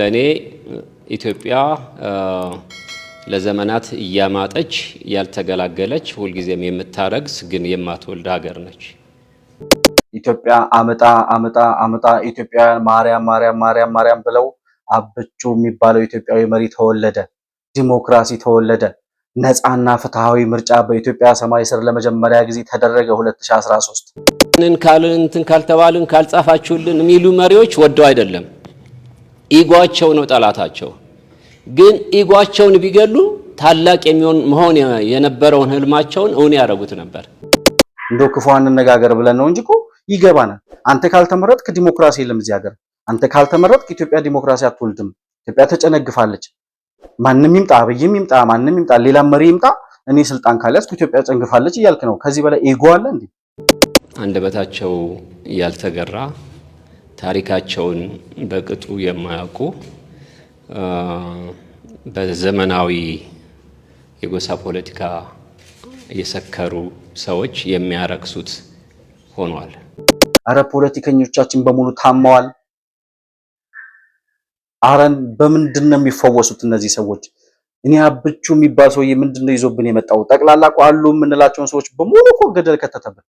ለእኔ ኢትዮጵያ ለዘመናት እያማጠች ያልተገላገለች ሁልጊዜም የምታረግስ ግን የማትወልድ ሀገር ነች። ኢትዮጵያ አመጣ አመጣ አመጣ ኢትዮጵያውያን ማርያም ማርያም ማርያም ማርያም ብለው አብቹ የሚባለው ኢትዮጵያዊ መሪ ተወለደ። ዲሞክራሲ ተወለደ። ነፃና ፍትሐዊ ምርጫ በኢትዮጵያ ሰማይ ስር ለመጀመሪያ ጊዜ ተደረገ 2013። ካልን እንትን ካልተባልን ካልጻፋችሁልን የሚሉ መሪዎች ወደው አይደለም ኢጓቸው ነው ጠላታቸው። ግን ኢጓቸውን ቢገሉ ታላቅ የሚሆን መሆን የነበረውን ህልማቸውን እውን ያደረጉት ነበር። እንደው ክፉ አንነጋገር ብለን ነው እንጂ እኮ ይገባናል። አንተ ካልተመረጥክ ዲሞክራሲ የለም እዚህ ሀገር። አንተ ካልተመረጥክ ኢትዮጵያ ዲሞክራሲ አትወልድም። ኢትዮጵያ ተጨነግፋለች። ማንም ይምጣ፣ አብይም ይምጣ፣ ማንም ይምጣ፣ ሌላም መሪ ይምጣ፣ እኔ ስልጣን ካልያዝኩ ኢትዮጵያ ጨንግፋለች እያልክ ነው። ከዚህ በላይ ኢጎ አለ እንዴ? አንደበታቸው ያልተገራ ታሪካቸውን በቅጡ የማያውቁ በዘመናዊ የጎሳ ፖለቲካ የሰከሩ ሰዎች የሚያረክሱት ሆኗል። አረ ፖለቲከኞቻችን በሙሉ ታመዋል። አረን በምንድን ነው የሚፈወሱት እነዚህ ሰዎች? እኔ አብቹ የሚባል ሰውዬ ምንድን ነው ይዞብን የመጣው? ጠቅላላ አሉ የምንላቸውን ሰዎች በሙሉ እኮ ገደል ከተተብን።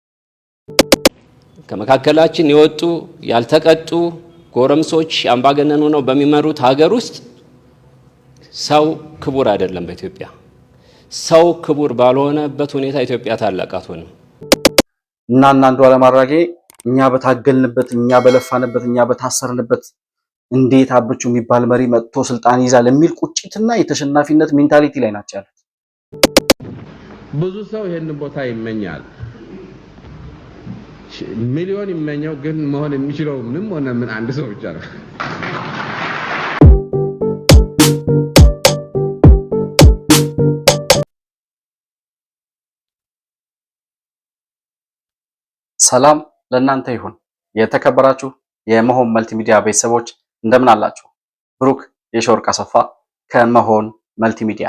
ከመካከላችን የወጡ ያልተቀጡ ጎረምሶች አምባገነን ሆነው በሚመሩት ሀገር ውስጥ ሰው ክቡር አይደለም። በኢትዮጵያ ሰው ክቡር ባልሆነበት ሁኔታ ኢትዮጵያ ታላቅ አትሆንም። እና እናንዱ ዓለም እኛ በታገልንበት፣ እኛ በለፋንበት፣ እኛ በታሰርንበት እንዴት አብቹ የሚባል መሪ መጥቶ ስልጣን ይዛል የሚል ቁጭትና የተሸናፊነት ሜንታሊቲ ላይ ናቸው ያሉት። ብዙ ሰው ይህንን ቦታ ይመኛል። ሚሊዮን ይመኘው ግን መሆን የሚችለው ምንም ሆነ ምን አንድ ሰው ብቻ ነው። ሰላም ለእናንተ ይሁን። የተከበራችሁ የመሆን መልቲሚዲያ ቤተሰቦች እንደምን አላችሁ? ብሩክ የሾርቅ አሰፋ ከመሆን መልቲሚዲያ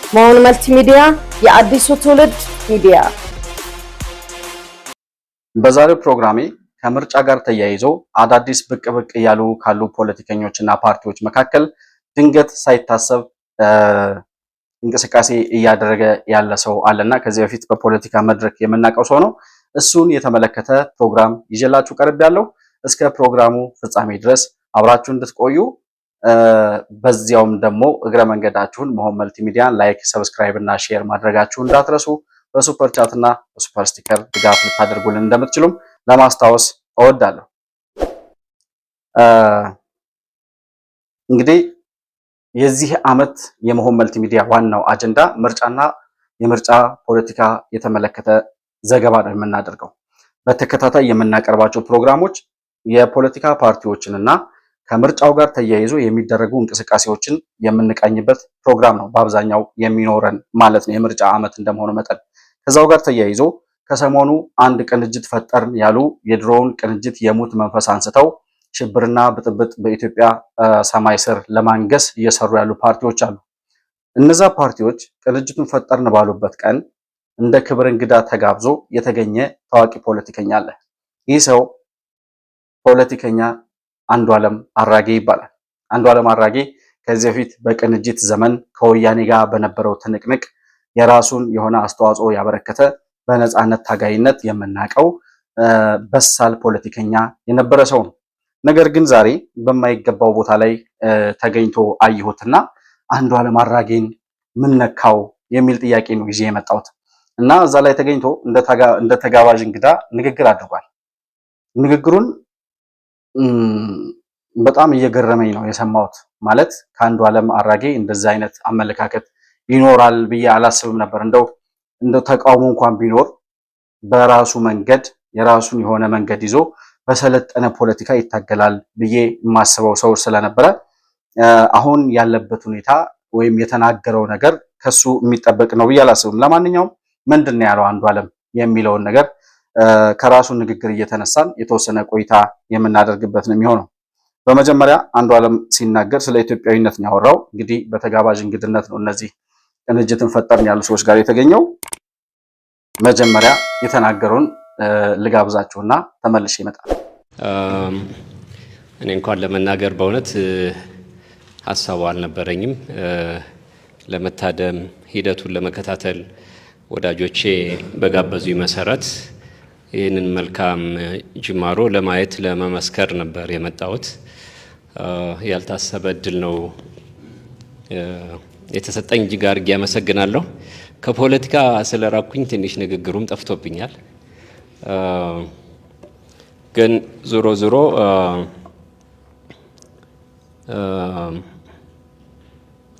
መሆን መልቲሚዲያ የአዲሱ ትውልድ ሚዲያ። በዛሬው ፕሮግራሜ ከምርጫ ጋር ተያይዞ አዳዲስ ብቅ ብቅ እያሉ ካሉ ፖለቲከኞችና ፓርቲዎች መካከል ድንገት ሳይታሰብ እንቅስቃሴ እያደረገ ያለ ሰው አለና ከዚህ በፊት በፖለቲካ መድረክ የምናውቀው ሰው ነው። እሱን የተመለከተ ፕሮግራም ይዤላችሁ ቀርብ ያለው እስከ ፕሮግራሙ ፍጻሜ ድረስ አብራችሁ እንድትቆዩ በዚያውም ደግሞ እግረ መንገዳችሁን መሆን መልቲሚዲያን ላይክ፣ ሰብስክራይብ እና ሼር ማድረጋችሁ እንዳትረሱ። በሱፐር ቻት እና በሱፐር ስቲከር ድጋፍ ልታደርጉልን እንደምትችሉም ለማስታወስ እወዳለሁ። እንግዲህ የዚህ ዓመት የመሆን መልቲሚዲያ ዋናው አጀንዳ ምርጫና የምርጫ ፖለቲካ የተመለከተ ዘገባ ነው የምናደርገው። በተከታታይ የምናቀርባቸው ፕሮግራሞች የፖለቲካ ፓርቲዎችንና ከምርጫው ጋር ተያይዞ የሚደረጉ እንቅስቃሴዎችን የምንቃኝበት ፕሮግራም ነው በአብዛኛው የሚኖረን ማለት ነው። የምርጫ ዓመት እንደመሆኑ መጠን ከዛው ጋር ተያይዞ ከሰሞኑ አንድ ቅንጅት ፈጠርን ያሉ የድሮውን ቅንጅት የሙት መንፈስ አንስተው ሽብርና ብጥብጥ በኢትዮጵያ ሰማይ ስር ለማንገስ እየሰሩ ያሉ ፓርቲዎች አሉ። እነዛ ፓርቲዎች ቅንጅቱን ፈጠርን ባሉበት ቀን እንደ ክብር እንግዳ ተጋብዞ የተገኘ ታዋቂ ፖለቲከኛ አለ። ይህ ሰው ፖለቲከኛ አንዱዓለም አራጌ ይባላል። አንዱዓለም አራጌ ከዚህ በፊት በቅንጅት ዘመን ከወያኔ ጋር በነበረው ትንቅንቅ የራሱን የሆነ አስተዋጽኦ ያበረከተ በነፃነት ታጋይነት የምናቀው በሳል ፖለቲከኛ የነበረ ሰው ነው። ነገር ግን ዛሬ በማይገባው ቦታ ላይ ተገኝቶ አየሁትና አንዱዓለም አራጌን ምንነካው የሚል ጥያቄ ነው ጊዜ የመጣሁት እና እዛ ላይ ተገኝቶ እንደ ተጋባዥ እንግዳ ንግግር አድርጓል። ንግግሩን በጣም እየገረመኝ ነው የሰማሁት። ማለት ከአንዱ ዓለም አራጌ እንደዚህ አይነት አመለካከት ይኖራል ብዬ አላስብም ነበር። እንደው እንደው ተቃውሞ እንኳን ቢኖር በራሱ መንገድ የራሱን የሆነ መንገድ ይዞ በሰለጠነ ፖለቲካ ይታገላል ብዬ የማስበው ሰው ስለነበረ አሁን ያለበት ሁኔታ ወይም የተናገረው ነገር ከሱ የሚጠበቅ ነው ብዬ አላስብም። ለማንኛውም ምንድን ነው ያለው አንዱ ዓለም የሚለውን ነገር ከራሱ ንግግር እየተነሳን የተወሰነ ቆይታ የምናደርግበት ነው የሚሆነው። በመጀመሪያ አንዱ ዓለም ሲናገር ስለ ኢትዮጵያዊነት ነው ያወራው። እንግዲህ በተጋባዥ እንግድነት ነው እነዚህ ቅንጅትን ፈጠርን ያሉ ሰዎች ጋር የተገኘው። መጀመሪያ የተናገረውን ልጋብዛችሁና ተመልሼ ይመጣል። እኔ እንኳን ለመናገር በእውነት ሀሳቡ አልነበረኝም። ለመታደም ሂደቱን ለመከታተል ወዳጆቼ በጋበዙ መሰረት ይህንን መልካም ጅማሮ ለማየት ለመመስከር ነበር የመጣሁት። ያልታሰበ እድል ነው የተሰጠኝ። እጅግ አድርጌ አመሰግናለሁ። ከፖለቲካ ስለራኩኝ ትንሽ ንግግሩም ጠፍቶብኛል። ግን ዞሮ ዞሮ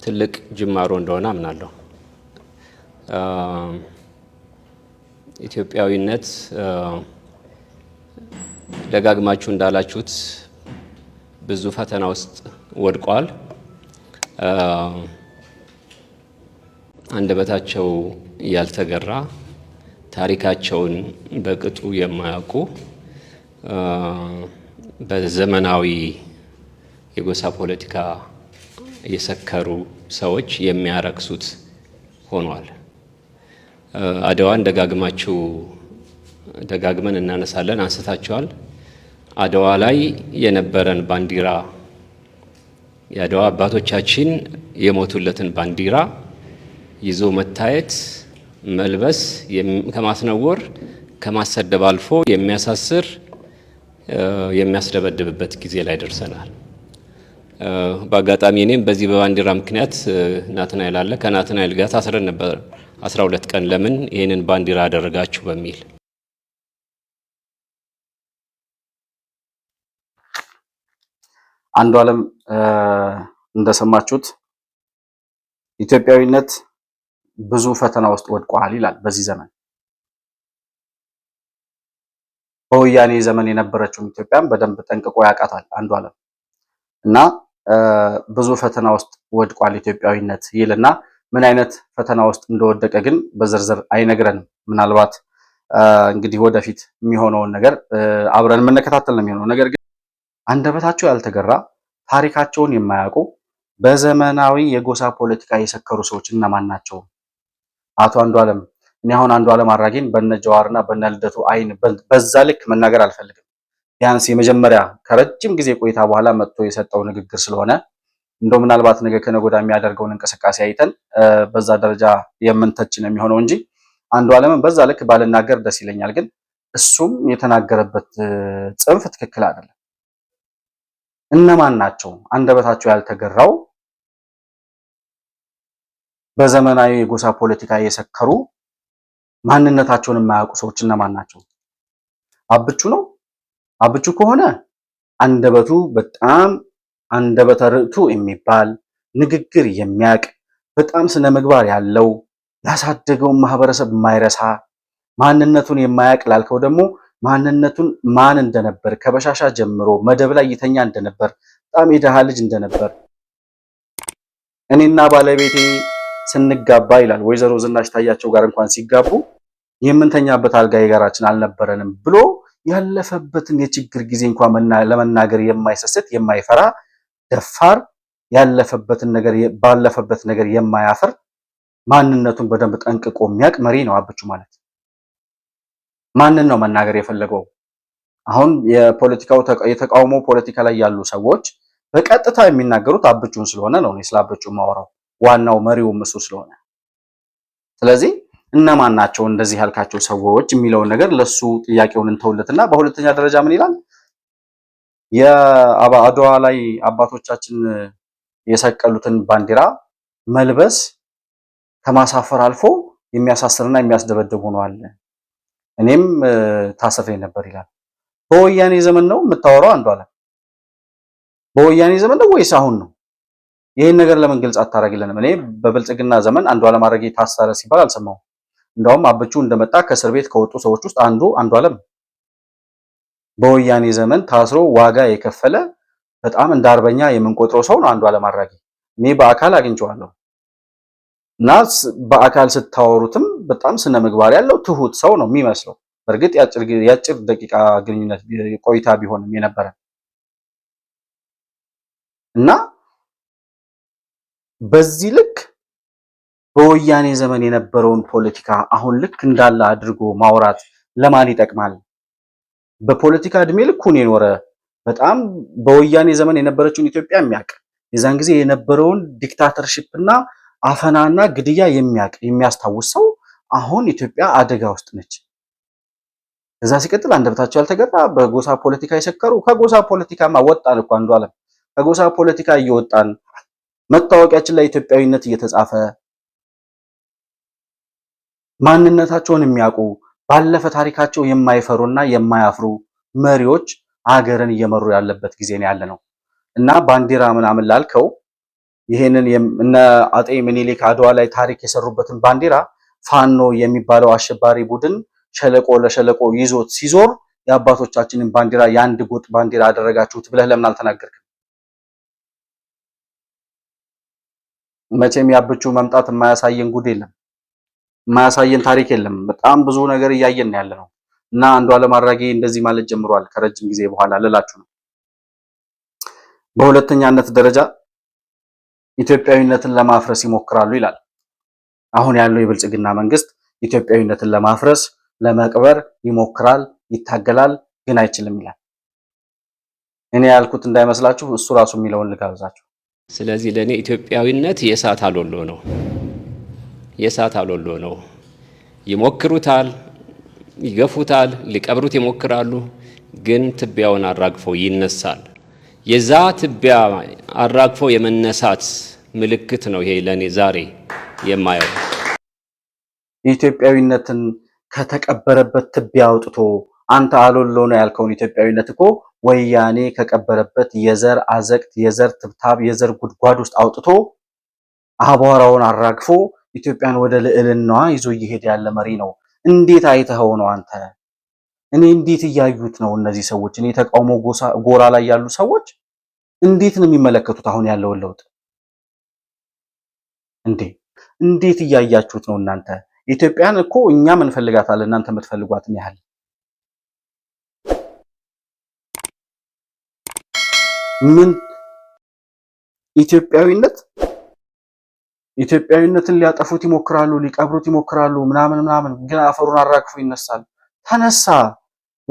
ትልቅ ጅማሮ እንደሆነ አምናለሁ። ኢትዮጵያዊነት ደጋግማችሁ እንዳላችሁት ብዙ ፈተና ውስጥ ወድቋል። አንደበታቸው ያልተገራ ታሪካቸውን በቅጡ የማያውቁ በዘመናዊ የጎሳ ፖለቲካ የሰከሩ ሰዎች የሚያረክሱት ሆኗል። አድዋን ደጋግማችሁ ደጋግመን እናነሳለን አንስታችኋል። አድዋ ላይ የነበረን ባንዲራ የአድዋ አባቶቻችን የሞቱለትን ባንዲራ ይዞ መታየት መልበስ ከማስነወር ከማሰደብ አልፎ የሚያሳስር የሚያስደበድብበት ጊዜ ላይ ደርሰናል። በአጋጣሚ እኔም በዚህ በባንዲራ ምክንያት ናትናኤል አለ ከናትናኤል ጋር ታስረን ነበር። 12 ቀን ለምን ይህንን ባንዲራ አደረጋችሁ በሚል አንዱ አለም እንደሰማችሁት ኢትዮጵያዊነት ብዙ ፈተና ውስጥ ወድቋል ይላል። በዚህ ዘመን በወያኔ ዘመን የነበረችውም ኢትዮጵያን በደንብ ጠንቅቆ ያውቃታል አንዱ አለም እና ብዙ ፈተና ውስጥ ወድቋል ኢትዮጵያዊነት ይልና ምን አይነት ፈተና ውስጥ እንደወደቀ ግን በዝርዝር አይነግረንም። ምናልባት እንግዲህ ወደፊት የሚሆነውን ነገር አብረን የምንከታተል ነው የሚሆነው። ነገር ግን አንደበታቸው ያልተገራ ታሪካቸውን የማያውቁ በዘመናዊ የጎሳ ፖለቲካ የሰከሩ ሰዎች እነማን ናቸው? አቶ አንዱ አለም እኔ አሁን አንዱ አለም አራጌን በነ ጀዋርና በነ ልደቱ አይን በዛ ልክ መናገር አልፈልግም። ቢያንስ የመጀመሪያ ከረጅም ጊዜ ቆይታ በኋላ መጥቶ የሰጠው ንግግር ስለሆነ እንደው ምናልባት ነገ ከነገ ወዲያ የሚያደርገውን እንቅስቃሴ አይተን በዛ ደረጃ የምንተች ነው የሚሆነው እንጂ አንዱ አለምን በዛ ልክ ባልናገር ደስ ይለኛል። ግን እሱም የተናገረበት ጽንፍ ትክክል አይደለም። እነማን ናቸው አንደበታቸው ያልተገራው በዘመናዊ የጎሳ ፖለቲካ የሰከሩ ማንነታቸውን የማያውቁ ሰዎች እነማን ናቸው? አብቹ ነው። አብቹ ከሆነ አንደበቱ በጣም አንደበተ ርቱዕ የሚባል ንግግር የሚያቅ በጣም ስነ ምግባር ያለው ያሳደገውን ማህበረሰብ የማይረሳ ማንነቱን የማያቅ ላልከው ደግሞ ማንነቱን ማን እንደነበር ከበሻሻ ጀምሮ መደብ ላይ ይተኛ እንደነበር በጣም የደሃ ልጅ እንደነበር እኔና ባለቤቴ ስንጋባ ይላል ወይዘሮ ዝናሽ ታያቸው ጋር እንኳን ሲጋቡ የምንተኛበት አልጋ የጋራችን አልነበረንም ብሎ ያለፈበትን የችግር ጊዜ እንኳን ለመናገር የማይሰስት የማይፈራ ደፋር፣ ያለፈበትን ነገር ባለፈበት ነገር የማያፍር ማንነቱን በደንብ ጠንቅቆ የሚያውቅ መሪ ነው አብቹ ማለት። ማንን ነው መናገር የፈለገው? አሁን የፖለቲካው የተቃውሞ ፖለቲካ ላይ ያሉ ሰዎች በቀጥታ የሚናገሩት አብቹን ስለሆነ ነው። እኔ ስለ አብቹ ማወራው ዋናው መሪውም እሱ ስለሆነ፣ ስለዚህ እነማን ናቸው እንደዚህ ያልካቸው ሰዎች የሚለውን ነገር ለሱ ጥያቄውን እንተውለትና በሁለተኛ ደረጃ ምን ይላል የአድዋ ላይ አባቶቻችን የሰቀሉትን ባንዲራ መልበስ ከማሳፈር አልፎ የሚያሳስርና የሚያስደበድብ ሆኗል። እኔም ታስሬ ነበር ይላል። በወያኔ ዘመን ነው የምታወራው አለ። በወያኔ ዘመን ነው ወይስ አሁን ነው? ይህን ነገር ለምን ግልጽ አታደርግልንም? እኔ በብልጽግና ዘመን አለም አራጌ ታሰረ ሲባል አልሰማሁም። እንደውም አብቹ እንደመጣ ከእስር ቤት ከወጡ ሰዎች ውስጥ አንዱ አለም። በወያኔ ዘመን ታስሮ ዋጋ የከፈለ በጣም እንደ አርበኛ የምንቆጥረው ሰው ነው አንዱዓለም አራጌ። እኔ በአካል አግኝቼዋለሁ እና በአካል ስታወሩትም በጣም ስነ ምግባር ያለው ትሁት ሰው ነው የሚመስለው። በእርግጥ የአጭር ደቂቃ ግንኙነት ቆይታ ቢሆንም የነበረ እና በዚህ ልክ በወያኔ ዘመን የነበረውን ፖለቲካ አሁን ልክ እንዳለ አድርጎ ማውራት ለማን ይጠቅማል? በፖለቲካ እድሜ ልኩን የኖረ በጣም በወያኔ ዘመን የነበረችውን ኢትዮጵያ የሚያውቅ የዛን ጊዜ የነበረውን ዲክታተርሺፕ እና አፈናና ግድያ የሚያውቅ የሚያስታውስ ሰው አሁን ኢትዮጵያ አደጋ ውስጥ ነች። ከዛ ሲቀጥል አንደበታቸው ያልተገራ በጎሳ ፖለቲካ የሰከሩ ከጎሳ ፖለቲካማ ወጣን እኮ አንዱ አለም ከጎሳ ፖለቲካ እየወጣን መታወቂያችን ላይ ኢትዮጵያዊነት እየተጻፈ ማንነታቸውን የሚያውቁ ባለፈ ታሪካቸው የማይፈሩና የማያፍሩ መሪዎች አገርን እየመሩ ያለበት ጊዜ ነው ያለ ነው እና ባንዲራ ምናምን ላልከው ይሄንን እነ አጤ ምኒልክ አድዋ ላይ ታሪክ የሰሩበትን ባንዲራ ፋኖ የሚባለው አሸባሪ ቡድን ሸለቆ ለሸለቆ ይዞት ሲዞር የአባቶቻችንን ባንዲራ የአንድ ጎጥ ባንዲራ አደረጋችሁት ብለህ ለምን አልተናገርክም? መቼም ያብቹ መምጣት የማያሳየን ጉድ የለም። የማያሳየን ታሪክ የለም። በጣም ብዙ ነገር እያየን ያለ ነው እና አንዱዓለም አራጌ እንደዚህ ማለት ጀምሯል ከረጅም ጊዜ በኋላ ልላችሁ ነው። በሁለተኛነት ደረጃ ኢትዮጵያዊነትን ለማፍረስ ይሞክራሉ ይላል። አሁን ያለው የብልጽግና መንግስት ኢትዮጵያዊነትን ለማፍረስ ለመቅበር ይሞክራል፣ ይታገላል፣ ግን አይችልም ይላል። እኔ ያልኩት እንዳይመስላችሁ እሱ ራሱ የሚለውን ልጋብዛችሁ። ስለዚህ ለእኔ ኢትዮጵያዊነት የእሳት አሎሎ ነው። የእሳት አሎሎ ነው። ይሞክሩታል፣ ይገፉታል፣ ሊቀብሩት ይሞክራሉ። ግን ትቢያውን አራግፈው ይነሳል። የዛ ትቢያ አራግፈው የመነሳት ምልክት ነው ይሄ ለእኔ ዛሬ የማየው ኢትዮጵያዊነትን ከተቀበረበት ትቢያ አውጥቶ አንተ አሎሎ ነው ያልከውን ኢትዮጵያዊነት እኮ ወያኔ ከቀበረበት የዘር አዘቅት፣ የዘር ትብታብ፣ የዘር ጉድጓድ ውስጥ አውጥቶ አቧራውን አራግፎ ኢትዮጵያን ወደ ልዕልናዋ ይዞ እየሄደ ያለ መሪ ነው። እንዴት አይተኸው ነው አንተ? እኔ እንዴት እያዩት ነው እነዚህ ሰዎች? እኔ የተቃውሞ ጎራ ላይ ያሉ ሰዎች እንዴት ነው የሚመለከቱት አሁን ያለውን ለውጥ? እንዴ እንዴት እያያችሁት ነው እናንተ? ኢትዮጵያን እኮ እኛም እንፈልጋታለን እናንተ የምትፈልጓትን ያህል ምን ኢትዮጵያዊነት ኢትዮጵያዊነትን ሊያጠፉት ይሞክራሉ፣ ሊቀብሩት ይሞክራሉ፣ ምናምን ምናምን፣ ግን አፈሩን አራግፎ ይነሳል። ተነሳ።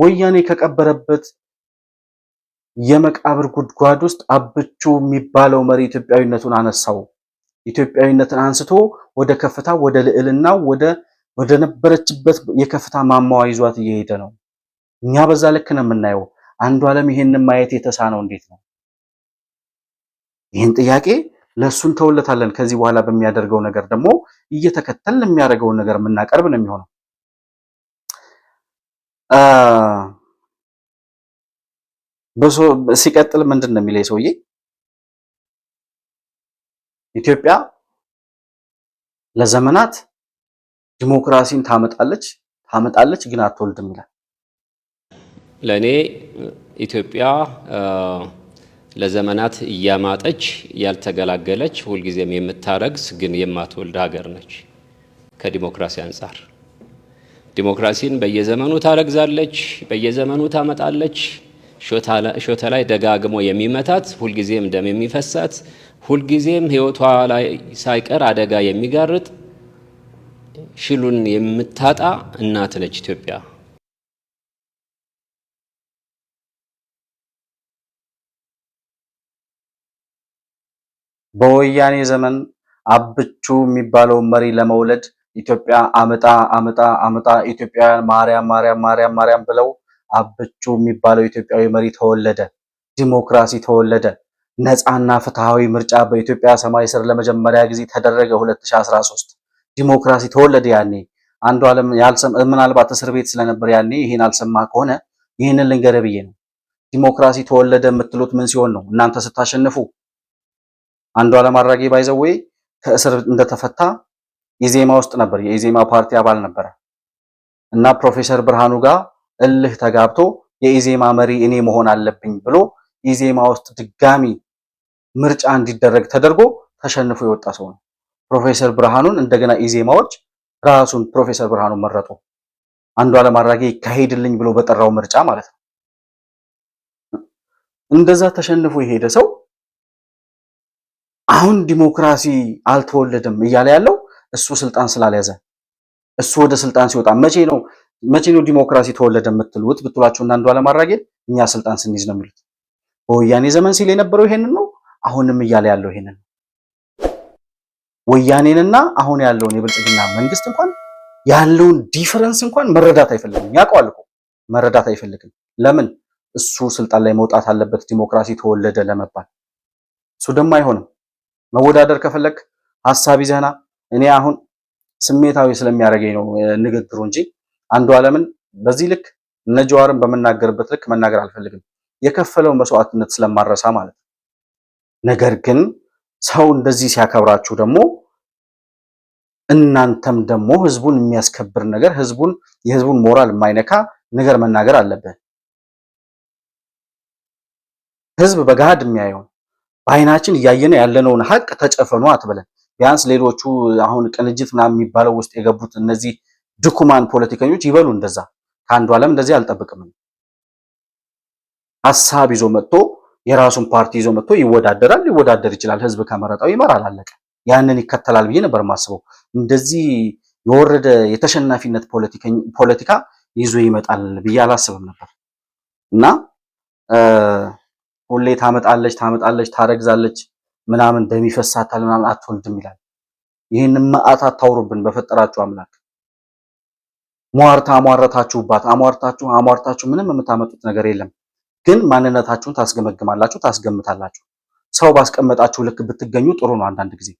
ወያኔ ከቀበረበት የመቃብር ጉድጓድ ውስጥ አብቹ የሚባለው መሪ ኢትዮጵያዊነቱን አነሳው። ኢትዮጵያዊነትን አንስቶ ወደ ከፍታ፣ ወደ ልዕልና፣ ወደ ወደ ነበረችበት የከፍታ ማማዋ ይዟት እየሄደ ነው። እኛ በዛ ልክ ነው የምናየው። አንዱ ዓለም ይሄንን ማየት የተሳነው እንዴት ነው? ይህን ጥያቄ ለእሱ እንተውለታለን። ከዚህ በኋላ በሚያደርገው ነገር ደግሞ እየተከተልን የሚያደርገውን ነገር የምናቀርብ ነው የሚሆነው። ሲቀጥል ምንድን ነው የሚለኝ ሰውዬ ኢትዮጵያ ለዘመናት ዲሞክራሲን ታመጣለች ታመጣለች ግን አትወልድም ይላል። ለእኔ ኢትዮጵያ ለዘመናት እያማጠች ያልተገላገለች ሁልጊዜም የምታረግስ ግን የማትወልድ ሀገር ነች። ከዲሞክራሲ አንጻር ዲሞክራሲን በየዘመኑ ታረግዛለች፣ በየዘመኑ ታመጣለች። ሾተ ላይ ደጋግሞ የሚመታት ሁልጊዜም ደም የሚፈሳት ሁልጊዜም ሕይወቷ ላይ ሳይቀር አደጋ የሚጋርጥ ሽሉን የምታጣ እናት ነች ኢትዮጵያ። በወያኔ ዘመን አብቹ የሚባለውን መሪ ለመውለድ ኢትዮጵያ አመጣ አመጣ አመጣ ኢትዮጵያውያን ማርያም ማርያም ማርያም ማርያም ብለው አብቹ የሚባለው ኢትዮጵያዊ መሪ ተወለደ። ዲሞክራሲ ተወለደ። ነፃና ፍትሃዊ ምርጫ በኢትዮጵያ ሰማይ ስር ለመጀመሪያ ጊዜ ተደረገ 2013 ዲሞክራሲ ተወለደ። ያኔ አንዱ ዓለም ያልሰማ ምናልባት እስር ቤት ስለነበር ያኔ ይህን አልሰማ ከሆነ ይህንን ልንገረብዬ ብዬ ነው። ዲሞክራሲ ተወለደ የምትሉት ምን ሲሆን ነው? እናንተ ስታሸንፉ አንዱ ዓለም አድራጊ ባይዘዌ ከእስር እንደተፈታ ኢዜማ ውስጥ ነበር፣ የኢዜማ ፓርቲ አባል ነበረ እና ፕሮፌሰር ብርሃኑ ጋር እልህ ተጋብቶ የኢዜማ መሪ እኔ መሆን አለብኝ ብሎ ኢዜማ ውስጥ ድጋሚ ምርጫ እንዲደረግ ተደርጎ ተሸንፎ የወጣ ሰው ነው። ፕሮፌሰር ብርሃኑን እንደገና ኢዜማዎች ራሱን ፕሮፌሰር ብርሃኑ መረጡ። አንዱ ዓለም አድራጊ ይካሄድልኝ ብሎ በጠራው ምርጫ ማለት ነው። እንደዛ ተሸንፎ የሄደ ሰው አሁን ዲሞክራሲ አልተወለደም እያለ ያለው እሱ ስልጣን ስላልያዘ እሱ ወደ ስልጣን ሲወጣ መቼ ነው መቼ ነው ዲሞክራሲ ተወለደ የምትሉት ብትሏቸው እና አንዷለም አራጌን እኛ ስልጣን ስንይዝ ነው የሚሉት። በወያኔ ዘመን ሲል የነበረው ይሄንን ነው። አሁንም እያለ ያለው ይሄንን ነው። ወያኔንና አሁን ያለውን የብልጽግና መንግስት እንኳን ያለውን ዲፈረንስ እንኳን መረዳት አይፈልግም። ያውቀዋል እኮ መረዳት አይፈልግም። ለምን እሱ ስልጣን ላይ መውጣት አለበት ዲሞክራሲ ተወለደ ለመባል። እሱ ደግሞ አይሆንም። መወዳደር ከፈለክ ሀሳብ ይዘህና እኔ አሁን ስሜታዊ ስለሚያደርገኝ ነው ንግግሩ እንጂ አንዱ ዓለምን በዚህ ልክ እነ ጀዋርን በምናገርበት ልክ መናገር አልፈልግም። የከፈለው መስዋዕትነት ስለማረሳ ማለት ነው። ነገር ግን ሰው እንደዚህ ሲያከብራችሁ ደግሞ እናንተም ደግሞ ህዝቡን የሚያስከብር ነገር ህዝቡን የህዝቡን ሞራል የማይነካ ነገር መናገር አለብህ። ህዝብ በገሃድ የሚያየውን በአይናችን እያየነ ያለነውን ሀቅ ተጨፈኑ አትበለን። ቢያንስ ሌሎቹ አሁን ቅንጅት ምናምን የሚባለው ውስጥ የገቡት እነዚህ ድኩማን ፖለቲከኞች ይበሉ እንደዛ። ከአንዱ ዓለም እንደዚህ አልጠብቅም። ሀሳብ ይዞ መጥቶ የራሱን ፓርቲ ይዞ መጥቶ ይወዳደራል፣ ሊወዳደር ይችላል። ህዝብ ከመረጣው ይመራል፣ አለቀ። ያንን ይከተላል ብዬ ነበር የማስበው። እንደዚህ የወረደ የተሸናፊነት ፖለቲካ ይዞ ይመጣል ብዬ አላስብም ነበር እና ሁሌ ታመጣለች ታመጣለች ታረግዛለች ምናምን ደም ይፈሳታል ምናምን አትወልድም ይላል። ይህን መዓት አታውሩብን በፈጠራችሁ አምላክ። ሟርታ አሟረታችሁባት አሟርታችሁ አሟርታችሁ ምንም የምታመጡት ነገር የለም። ግን ማንነታችሁን ታስገመግማላችሁ፣ ታስገምታላችሁ። ሰው ባስቀመጣችሁ ልክ ብትገኙ ጥሩ ነው። አንዳንድ ጊዜ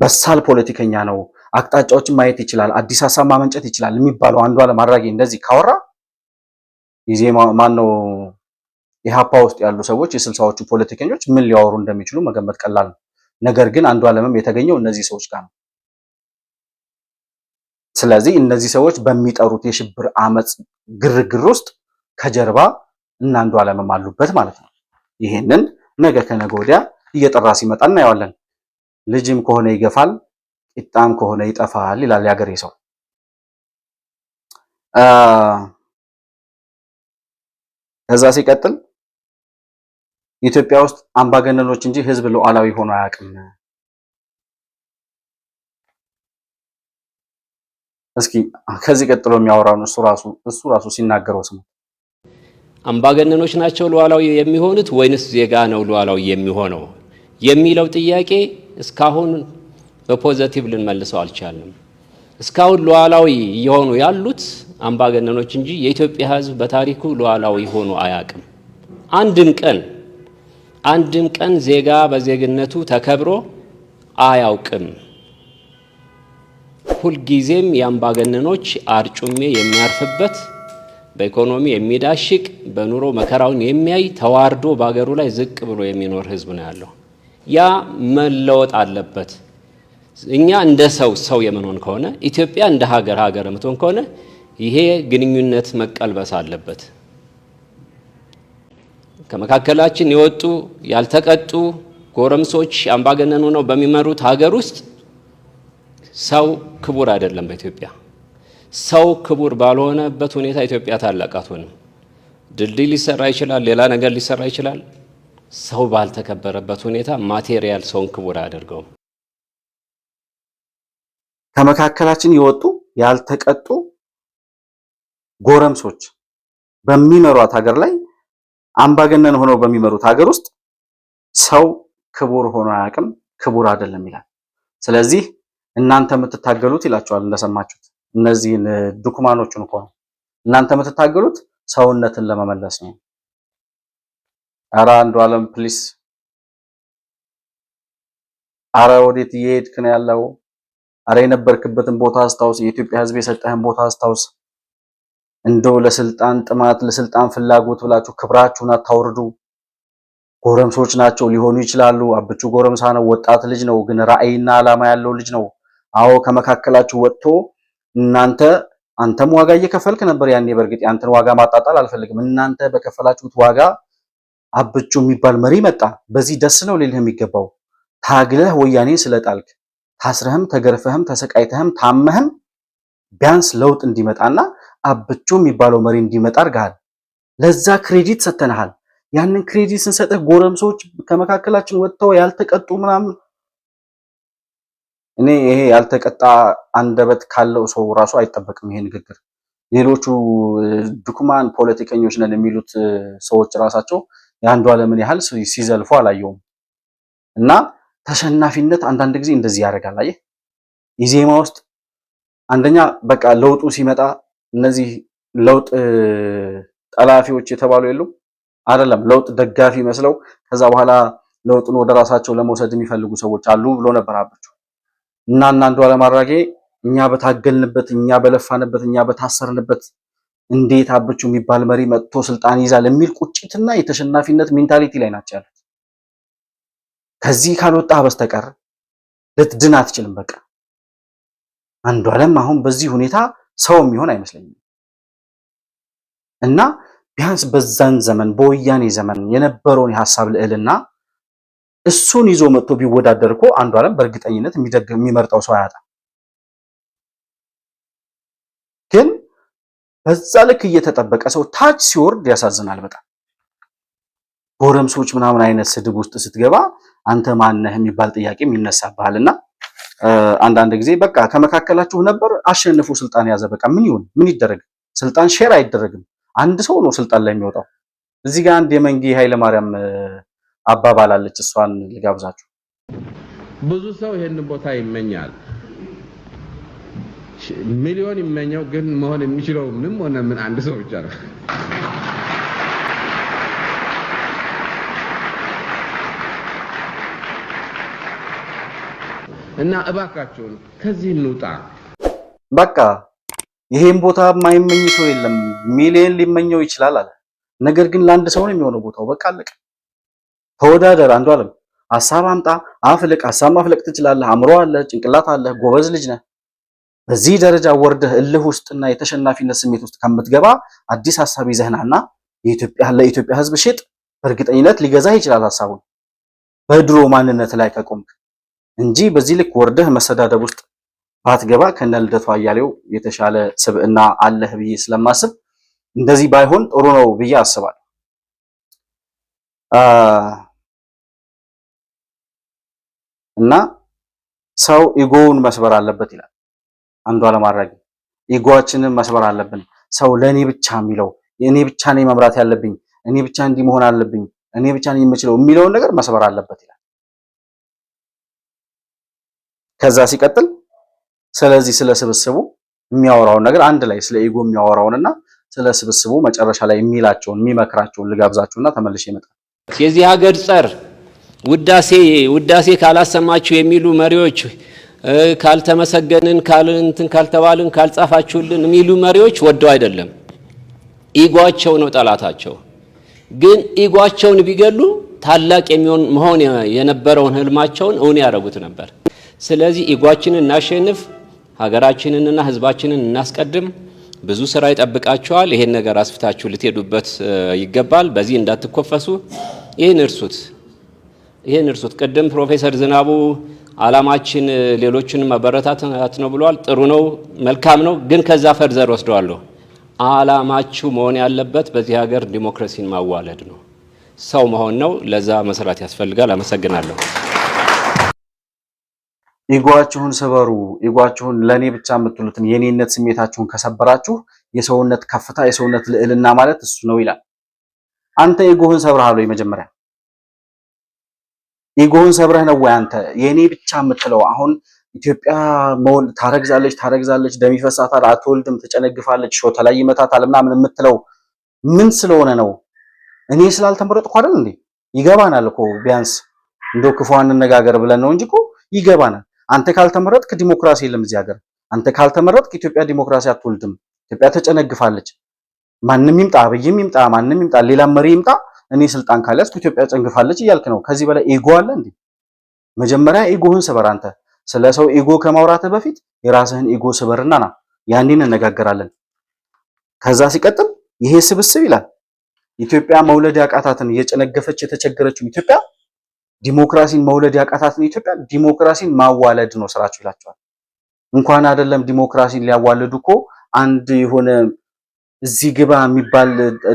በሳል ፖለቲከኛ ነው፣ አቅጣጫዎችን ማየት ይችላል፣ አዲስ ሀሳብ ማመንጨት ይችላል የሚባለው አለ ለማድራጌ እንደዚህ ካወራ ጊዜ ማን ነው ኢህአፓ ውስጥ ያሉ ሰዎች የስልሳዎቹ ፖለቲከኞች ምን ሊያወሩ እንደሚችሉ መገመት ቀላል ነው። ነገር ግን አንዱ ዓለምም የተገኘው እነዚህ ሰዎች ጋር ነው። ስለዚህ እነዚህ ሰዎች በሚጠሩት የሽብር አመፅ ግርግር ውስጥ ከጀርባ እነ አንዱ ዓለምም አሉበት ማለት ነው። ይህንን ነገ ከነገ ወዲያ እየጠራ ሲመጣ እናየዋለን። ልጅም ከሆነ ይገፋል፣ ቂጣም ከሆነ ይጠፋል ይላል ያገሬ ሰው። ከዛ ሲቀጥል ኢትዮጵያ ውስጥ አምባገነኖች እንጂ ህዝብ ሉዓላዊ ሆኖ አያውቅም። እስኪ ከዚህ ቀጥሎ የሚያወራውን እሱ ራሱ እሱ ራሱ ሲናገረው ስሙ። አምባገነኖች ናቸው ሉዓላዊ የሚሆኑት ወይንስ ዜጋ ነው ሉዓላዊ የሚሆነው የሚለው ጥያቄ እስካሁን በፖዘቲቭ ልንመልሰው አልቻለም። እስካሁን ሉዓላዊ እየሆኑ ያሉት አምባገነኖች እንጂ የኢትዮጵያ ህዝብ በታሪኩ ሉዓላዊ ሆኖ አያውቅም። አንድም ቀን አንድም ቀን ዜጋ በዜግነቱ ተከብሮ አያውቅም። ሁልጊዜም የአምባገነኖች አርጩሜ የሚያርፍበት በኢኮኖሚ የሚዳሽቅ በኑሮ መከራውን የሚያይ ተዋርዶ በሀገሩ ላይ ዝቅ ብሎ የሚኖር ህዝብ ነው ያለው። ያ መለወጥ አለበት። እኛ እንደ ሰው ሰው የምንሆን ከሆነ ኢትዮጵያ እንደ ሀገር ሀገር የምትሆን ከሆነ ይሄ ግንኙነት መቀልበስ አለበት። ከመካከላችን የወጡ ያልተቀጡ ጎረምሶች አምባገነን ሆነው በሚመሩት ሀገር ውስጥ ሰው ክቡር አይደለም። በኢትዮጵያ ሰው ክቡር ባልሆነበት ሁኔታ ኢትዮጵያ ታላቅ አትሆንም። ድልድይ ሊሰራ ይችላል፣ ሌላ ነገር ሊሰራ ይችላል። ሰው ባልተከበረበት ሁኔታ ማቴሪያል ሰውን ክቡር አያደርገውም። ከመካከላችን የወጡ ያልተቀጡ ጎረምሶች በሚመሯት ሀገር ላይ አምባገነን ሆነው በሚመሩት ሀገር ውስጥ ሰው ክቡር ሆኖ አያውቅም፣ ክቡር አይደለም ይላል። ስለዚህ እናንተ የምትታገሉት ይላቸዋል እንደሰማችሁት እነዚህን ድኩማኖቹን እኮ ነው እናንተ የምትታገሉት ሰውነትን ለመመለስ ነው። አረ አንዱ ዓለም ፕሊስ፣ አረ ወዴት እየሄድክ ነው ያለው? አረ የነበርክበትን ቦታ አስታውስ። የኢትዮጵያ ሕዝብ የሰጠህን ቦታ አስታውስ። እንደው ለስልጣን ጥማት ለስልጣን ፍላጎት ብላችሁ ክብራችሁን አታውርዱ። ጎረምሶች ናቸው ሊሆኑ ይችላሉ። አብቹ ጎረምሳ ነው፣ ወጣት ልጅ ነው፣ ግን ራዕይና ዓላማ ያለው ልጅ ነው። አዎ ከመካከላችሁ ወጥቶ እናንተ አንተም ዋጋ እየከፈልክ ነበር ያኔ። በእርግጥ ያንተን ዋጋ ማጣጣል አልፈልግም። እናንተ በከፈላችሁት ዋጋ አብቹ የሚባል መሪ መጣ። በዚህ ደስ ነው ሌልህ የሚገባው ታግለህ ወያኔ ስለጣልክ ታስረህም ተገርፈህም ተሰቃይተህም ታመህም ቢያንስ ለውጥ እንዲመጣና አብቾ የሚባለው መሪ እንዲመጣ አድርገሃል። ለዛ ክሬዲት ሰተንሃል። ያንን ክሬዲት ስንሰጥህ ጎረምሶች ከመካከላችን ወጥተው ያልተቀጡ ምናምን እኔ ይሄ ያልተቀጣ አንደበት ካለው ሰው ራሱ አይጠበቅም ይሄ ንግግር። ሌሎቹ ድኩማን ፖለቲከኞች ነን የሚሉት ሰዎች ራሳቸው የአንዱ ዓለምን ያህል ሲዘልፉ አላየውም። እና ተሸናፊነት አንዳንድ ጊዜ እንደዚህ ያደርጋል። አየህ ኢዜማ ውስጥ አንደኛ በቃ ለውጡ ሲመጣ እነዚህ ለውጥ ጠላፊዎች የተባሉ የሉም አይደለም፣ ለውጥ ደጋፊ መስለው ከዛ በኋላ ለውጡን ወደ ራሳቸው ለመውሰድ የሚፈልጉ ሰዎች አሉ ብሎ ነበር አባቸው እና እና አንዱዓለም አራጌ እኛ በታገልንበት እኛ በለፋንበት እኛ በታሰርንበት እንዴት አብቹ የሚባል መሪ መጥቶ ስልጣን ይዛል የሚል ቁጭትና የተሸናፊነት ሜንታሊቲ ላይ ናቸው ያሉት። ከዚህ ካልወጣ በስተቀር ልትድን አትችልም። በቃ አንዱዓለም አሁን በዚህ ሁኔታ ሰው የሚሆን አይመስለኝም። እና ቢያንስ በዛን ዘመን በወያኔ ዘመን የነበረውን የሀሳብ ልዕልና እሱን ይዞ መጥቶ ቢወዳደር እኮ አንዱ ዓለም በእርግጠኝነት የሚመርጠው ሰው አያጣም። ግን በዛ ልክ እየተጠበቀ ሰው ታች ሲወርድ ያሳዝናል በጣም ጎረምሶች ምናምን አይነት ስድብ ውስጥ ስትገባ አንተ ማነህ የሚባል ጥያቄ ጥያቄም ይነሳብሃልና አንዳንድ ጊዜ በቃ ከመካከላችሁ ነበር አሸንፉ፣ ስልጣን ያዘ። በቃ ምን ይሁን ምን ይደረግ? ስልጣን ሼር አይደረግም። አንድ ሰው ነው ስልጣን ላይ የሚወጣው። እዚህ ጋር አንድ የመንጌ ኃይለ ማርያም አባባል አለች፣ እሷን ልጋብዛችሁ። ብዙ ሰው ይህን ቦታ ይመኛል፣ ሚሊዮን ይመኘው፣ ግን መሆን የሚችለው ምንም ሆነ ምን አንድ ሰው ብቻ ነው። እና እባካቸውን ከዚህ እንውጣ። በቃ ይሄን ቦታ የማይመኝ ሰው የለም። ሚሊየን ሊመኘው ይችላል አለ። ነገር ግን ለአንድ ሰው ነው የሚሆነው ቦታው። በቃ አለቀ። ተወዳደር። አንዱ አለም ሀሳብ አምጣ፣ አፍልቅ። ሀሳብ ማፍለቅ ትችላለህ። አእምሮ አለ፣ ጭንቅላት አለ፣ ጎበዝ ልጅ ነህ። በዚህ ደረጃ ወርደህ እልህ ውስጥና የተሸናፊነት ስሜት ውስጥ ከምትገባ አዲስ ሀሳብ ይዘህናና የኢትዮጵያ ለኢትዮጵያ ሕዝብ ሽጥ። በእርግጠኝነት ሊገዛህ ይችላል ሀሳቡን በድሮ ማንነት ላይ ከቆምክ እንጂ በዚህ ልክ ወርደህ መሰዳደብ ውስጥ ባትገባ ከነ ልደቱ አያሌው የተሻለ ስብዕና አለህ ብዬ ስለማስብ እንደዚህ ባይሆን ጥሩ ነው ብዬ አስባለሁ። እና ሰው ኢጎውን መስበር አለበት ይላል አንዱ ለማድረግ ኢጎአችንን መስበር አለብን። ሰው ለእኔ ብቻ የሚለው እኔ ብቻ ነኝ መምራት ያለብኝ እኔ ብቻ እንዲህ መሆን አለብኝ እኔ ብቻ ነኝ የምችለው የሚለውን ነገር መስበር አለበት ይላል። ከዛ ሲቀጥል ስለዚህ ስለ ስብስቡ የሚያወራውን ነገር አንድ ላይ ስለ ኢጎ የሚያወራውንና ስለ ስብስቡ መጨረሻ ላይ የሚላቸውን የሚመክራቸውን ልጋብዛችሁና ተመልሼ ይመጣል። የዚህ ሀገር ጸር ውዳሴ ውዳሴ ካላሰማችሁ የሚሉ መሪዎች ካልተመሰገንን ካልንትን ካልተባልን ካልጻፋችሁልን የሚሉ መሪዎች ወደው አይደለም፣ ኢጓቸው ነው ጠላታቸው። ግን ኢጓቸውን ቢገሉ ታላቅ የሚሆን መሆን የነበረውን ህልማቸውን እውን ያደረጉት ነበር። ስለዚህ ኢጓችንን እናሸንፍ፣ ሀገራችንንና ህዝባችንን እናስቀድም። ብዙ ስራ ይጠብቃችኋል። ይሄን ነገር አስፍታችሁ ልትሄዱበት ይገባል። በዚህ እንዳትኮፈሱ። ይህን እርሱት፣ ይህን እርሱት። ቅድም ፕሮፌሰር ዝናቡ አላማችን ሌሎችን ማበረታታት ነው ብሏል። ጥሩ ነው፣ መልካም ነው። ግን ከዛ ፈርዘር ወስደዋለሁ። አላማችሁ መሆን ያለበት በዚህ ሀገር ዲሞክራሲን ማዋለድ ነው፣ ሰው መሆን ነው። ለዛ መስራት ያስፈልጋል። አመሰግናለሁ። ኢጓችሁን ስበሩ። ኢጓችሁን ለኔ ብቻ የምትሉትን የኔነት ስሜታችሁን ከሰበራችሁ የሰውነት ከፍታ የሰውነት ልዕልና ማለት እሱ ነው ይላል። አንተ ኢጎህን ሰብረሃል ወይ? መጀመሪያ ኢጎህን ሰብረህ ነው ወይ አንተ የኔ ብቻ የምትለው? አሁን ኢትዮጵያ መውል ታረግዛለች፣ ታረግዛለች፣ ደም ይፈሳታል፣ አትወልድም፣ ትጨነግፋለች፣ ሾተ ላይ ይመታታል ምናምን የምትለው ምን ስለሆነ ነው? እኔ ስላልተመረጥኩ አይደል እንዴ? ይገባናል እኮ ቢያንስ እንደው ክፉ አንነጋገር ብለን ነው እንጂ እኮ ይገባናል። አንተ ካልተመረጥክ ዲሞክራሲ የለም እዚህ ሀገር። አንተ ካልተመረጥክ ኢትዮጵያ ዲሞክራሲ አትወልድም። ኢትዮጵያ ተጨነግፋለች። ማንም ይምጣ፣ አብይም ይምጣ፣ ማንም ይምጣ፣ ሌላ መሪ ይምጣ፣ እኔ ስልጣን ካልያዝኩ ኢትዮጵያ ጨንግፋለች እያልክ ነው። ከዚህ በላይ ኢጎ አለ እንዴ? መጀመሪያ ኢጎህን ስበር። አንተ ስለ ሰው ኢጎ ከማውራትህ በፊት የራስህን ኢጎ ስበርና ና፣ ያኔ ከዛ ሲቀጥል ይሄ ስብስብ ይላል ኢትዮጵያ መውለድ ያቃታትን እየጨነገፈች የተቸገረችው ኢትዮጵያ ዲሞክራሲን መውለድ ያቃታትን ኢትዮጵያ ዲሞክራሲን ማዋለድ ነው ስራቸው ይላቸዋል። እንኳን አይደለም ዲሞክራሲን ሊያዋልዱ እኮ አንድ የሆነ እዚህ ግባ የሚባል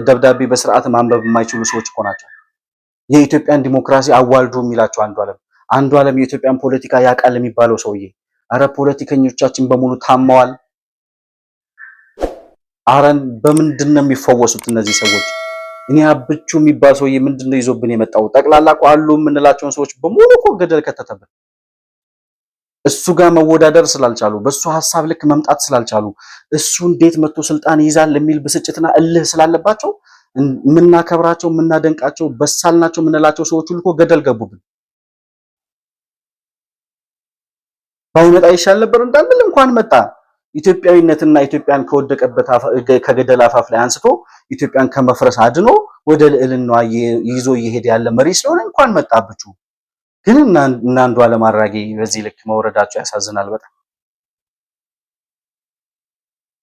ደብዳቤ በስርዓት ማንበብ የማይችሉ ሰዎች እኮ ናቸው። የኢትዮጵያን ዲሞክራሲ አዋልዱ የሚላቸው አንዱ አለም አንዱ አለም የኢትዮጵያን ፖለቲካ ያውቃል የሚባለው ሰውዬ፣ አረ ፖለቲከኞቻችን በሙሉ ታማዋል? አረን በምንድን ነው የሚፈወሱት እነዚህ ሰዎች? እኔ አብቹ የሚባል ሰውዬ ምንድን ነው ይዞብን የመጣው? ጠቅላላ እኮ አሉ የምንላቸውን ሰዎች በሙሉ እኮ ገደል ከተተብን። እሱ ጋር መወዳደር ስላልቻሉ፣ በሱ ሀሳብ ልክ መምጣት ስላልቻሉ፣ እሱ እንዴት መጥቶ ስልጣን ይይዛል የሚል ብስጭትና እልህ ስላለባቸው የምናከብራቸው የምናደንቃቸው በሳል ናቸው የምንላቸው ሰዎች ሁሉ እኮ ገደል ገቡብን። ባይመጣ ይሻል ነበር እንዳንል እንኳን መጣ። ኢትዮጵያዊነትና ኢትዮጵያን ከወደቀበት ከገደል አፋፍ ላይ አንስቶ ኢትዮጵያን ከመፍረስ አድኖ ወደ ልዕልና ይዞ እየሄደ ያለ መሪ ስለሆነ እንኳን መጣብችሁ። ግን እና አንዱ አለማራጊ በዚህ ልክ መውረዳቸው ያሳዝናል በጣም።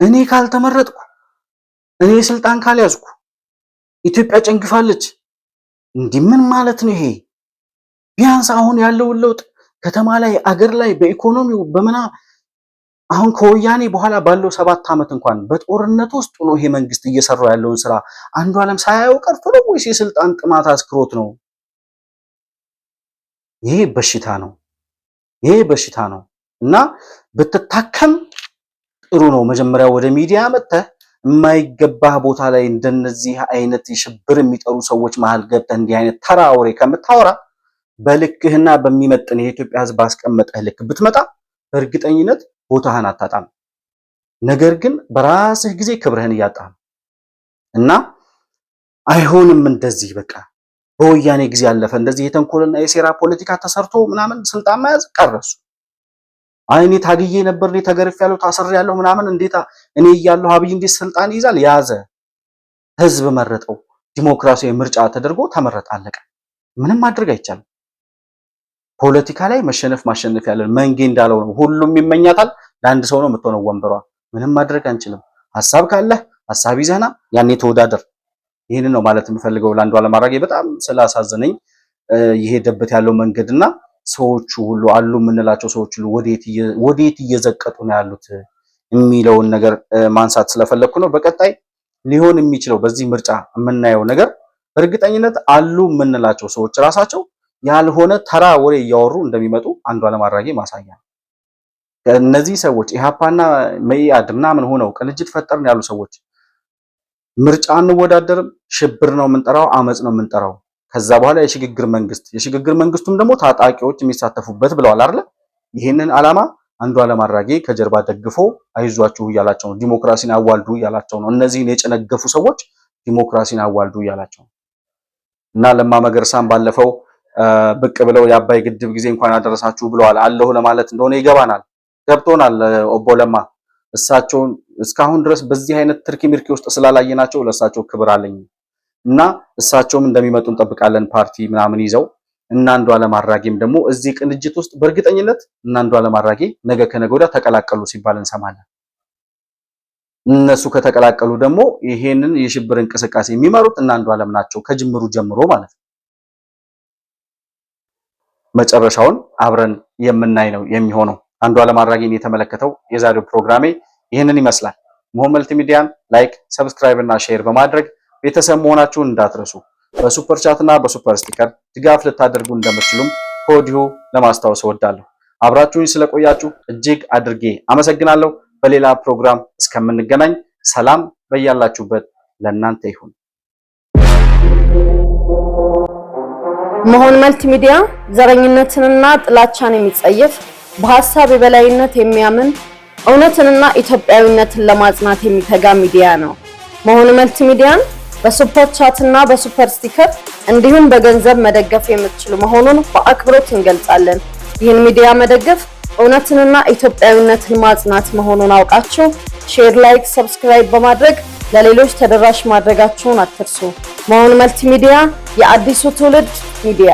እኔ ካልተመረጥኩ እኔ ስልጣን ካልያዝኩ ኢትዮጵያ ጨንግፋለች። እንዲህ ምን ማለት ነው ይሄ? ቢያንስ አሁን ያለውን ለውጥ ከተማ ላይ አገር ላይ በኢኮኖሚው በምና አሁን ከወያኔ በኋላ ባለው ሰባት ዓመት እንኳን በጦርነት ውስጥ ሆኖ ይሄ መንግስት እየሰራው ያለውን ስራ አንዱ ዓለም ሳያየው ቀርቶ ነው ወይስ የስልጣን ጥማት አስክሮት ነው? ይሄ በሽታ ነው። ይሄ በሽታ ነው እና ብትታከም ጥሩ ነው። መጀመሪያ ወደ ሚዲያ መጥተህ የማይገባህ ቦታ ላይ እንደነዚህ አይነት ሽብር የሚጠሩ ሰዎች መሀል ገብተህ እንዲህ አይነት ተራ ወሬ ከምታወራ በልክህና በሚመጥን የኢትዮጵያ ሕዝብ አስቀመጠህ ልክ ብትመጣ በእርግጠኝነት ቦታህን አታጣም። ነገር ግን በራስህ ጊዜ ክብርህን እያጣህ እና አይሆንም እንደዚህ በቃ በወያኔ ጊዜ ያለፈ እንደዚህ የተንኮልና የሴራ ፖለቲካ ተሰርቶ ምናምን ስልጣን መያዝ ቀረሱ። አይ ታግዬ ነበር እኔ ተገርፍ ያለው ታስር ያለው ምናምን እንዴት እኔ እያለሁ አብይ እንዴት ስልጣን ይይዛል? ያዘ። ህዝብ መረጠው። ዲሞክራሲያዊ ምርጫ ተደርጎ ተመረጠ። አለቀ። ምንም ማድረግ አይቻልም። ፖለቲካ ላይ መሸነፍ ማሸነፍ ያለን መንጌ እንዳለው ነው። ሁሉም ይመኛታል። ለአንድ ሰው ነው የምትሆነው ወንበሯ። ምንም ማድረግ አንችልም። ሀሳብ ካለህ ሀሳብ ይዘህና ያኔ ተወዳደር። ይህንን ነው ማለት የምፈልገው። ለአንዱ አለም አራጌ በጣም ስላሳዘነኝ የሄደበት ያለው መንገድና ሰዎቹ ሁሉ አሉ የምንላቸው ሰዎች ሁሉ ወዴት እየዘቀጡ ነው ያሉት የሚለውን ነገር ማንሳት ስለፈለግኩ ነው። በቀጣይ ሊሆን የሚችለው በዚህ ምርጫ የምናየው ነገር በእርግጠኝነት አሉ የምንላቸው ሰዎች ራሳቸው ያልሆነ ተራ ወሬ እያወሩ እንደሚመጡ አንዱዓለም አራጌ ማሳያ ነው። እነዚህ ሰዎች ኢህአፓና መኢአድ ምናምን ሆነው ቅንጅት ፈጠርን ያሉ ሰዎች ምርጫ አንወዳደርም፣ ሽብር ነው የምንጠራው፣ አመፅ ነው የምንጠራው። ከዛ በኋላ የሽግግር መንግስት የሽግግር መንግስቱም ደግሞ ታጣቂዎች የሚሳተፉበት ብለዋል አይደለ? ይህንን ዓላማ አንዱዓለም አራጌ ከጀርባ ደግፎ አይዟችሁ እያላቸው ነው። ዲሞክራሲን አዋልዱ እያላቸው ነው። እነዚህን የጨነገፉ ሰዎች ዲሞክራሲን አዋልዱ እያላቸው ነው እና ለማ ባለፈው ብቅ ብለው የአባይ ግድብ ጊዜ እንኳን አደረሳችሁ ብለዋል። አለሁ ለማለት እንደሆነ ይገባናል፣ ገብቶናል። ኦቦ ለማ እሳቸውን እስካሁን ድረስ በዚህ አይነት ትርኪ ምርኪ ውስጥ ስላላየናቸው ለእሳቸው ክብር አለኝ እና እሳቸውም እንደሚመጡ እንጠብቃለን። ፓርቲ ምናምን ይዘው እና አንዷለም አራጌም ደግሞ እዚህ ቅንጅት ውስጥ በእርግጠኝነት እና አንዷለም አራጌ ነገ ከነገ ወዲያ ተቀላቀሉ ሲባል እንሰማለን። እነሱ ከተቀላቀሉ ደግሞ ይሄንን የሽብር እንቅስቃሴ የሚመሩት እና አንዷለም ናቸው ከጅምሩ ጀምሮ ማለት ነው። መጨረሻውን አብረን የምናይ ነው የሚሆነው። አንዱ ዓለም አድራጊን የተመለከተው የዛሬው ፕሮግራሜ ይህንን ይመስላል። መሆን መልቲሚዲያን ላይክ፣ ሰብስክራይብ እና ሼር በማድረግ ቤተሰብ መሆናችሁን እንዳትረሱ። በሱፐር ቻት እና በሱፐር ስቲከር ድጋፍ ልታደርጉ እንደምትችሉም ከወዲሁ ለማስታወስ እወዳለሁ። አብራችሁኝ ስለቆያችሁ እጅግ አድርጌ አመሰግናለሁ። በሌላ ፕሮግራም እስከምንገናኝ ሰላም በያላችሁበት ለእናንተ ይሁን። መሆን ሚዲያ ዘረኝነትንና ጥላቻን የሚጸየፍ በሀሳብ የበላይነት የሚያምን እውነትንና ኢትዮጵያዊነትን ለማጽናት የሚተጋ ሚዲያ ነው። መሆን መልቲሚዲያን በሱፐር ቻትና እና በሱፐር ስቲከር እንዲሁም በገንዘብ መደገፍ የምትችሉ መሆኑን በአክብሮት እንገልጻለን። ይህን ሚዲያ መደገፍ እውነትንና ኢትዮጵያዊነትን ማጽናት መሆኑን አውቃችሁ ሼር፣ ላይክ፣ ሰብስክራይብ በማድረግ ለሌሎች ተደራሽ ማድረጋችሁን አትርሱ። መሆን መልቲሚዲያ የአዲሱ ትውልድ ሚዲያ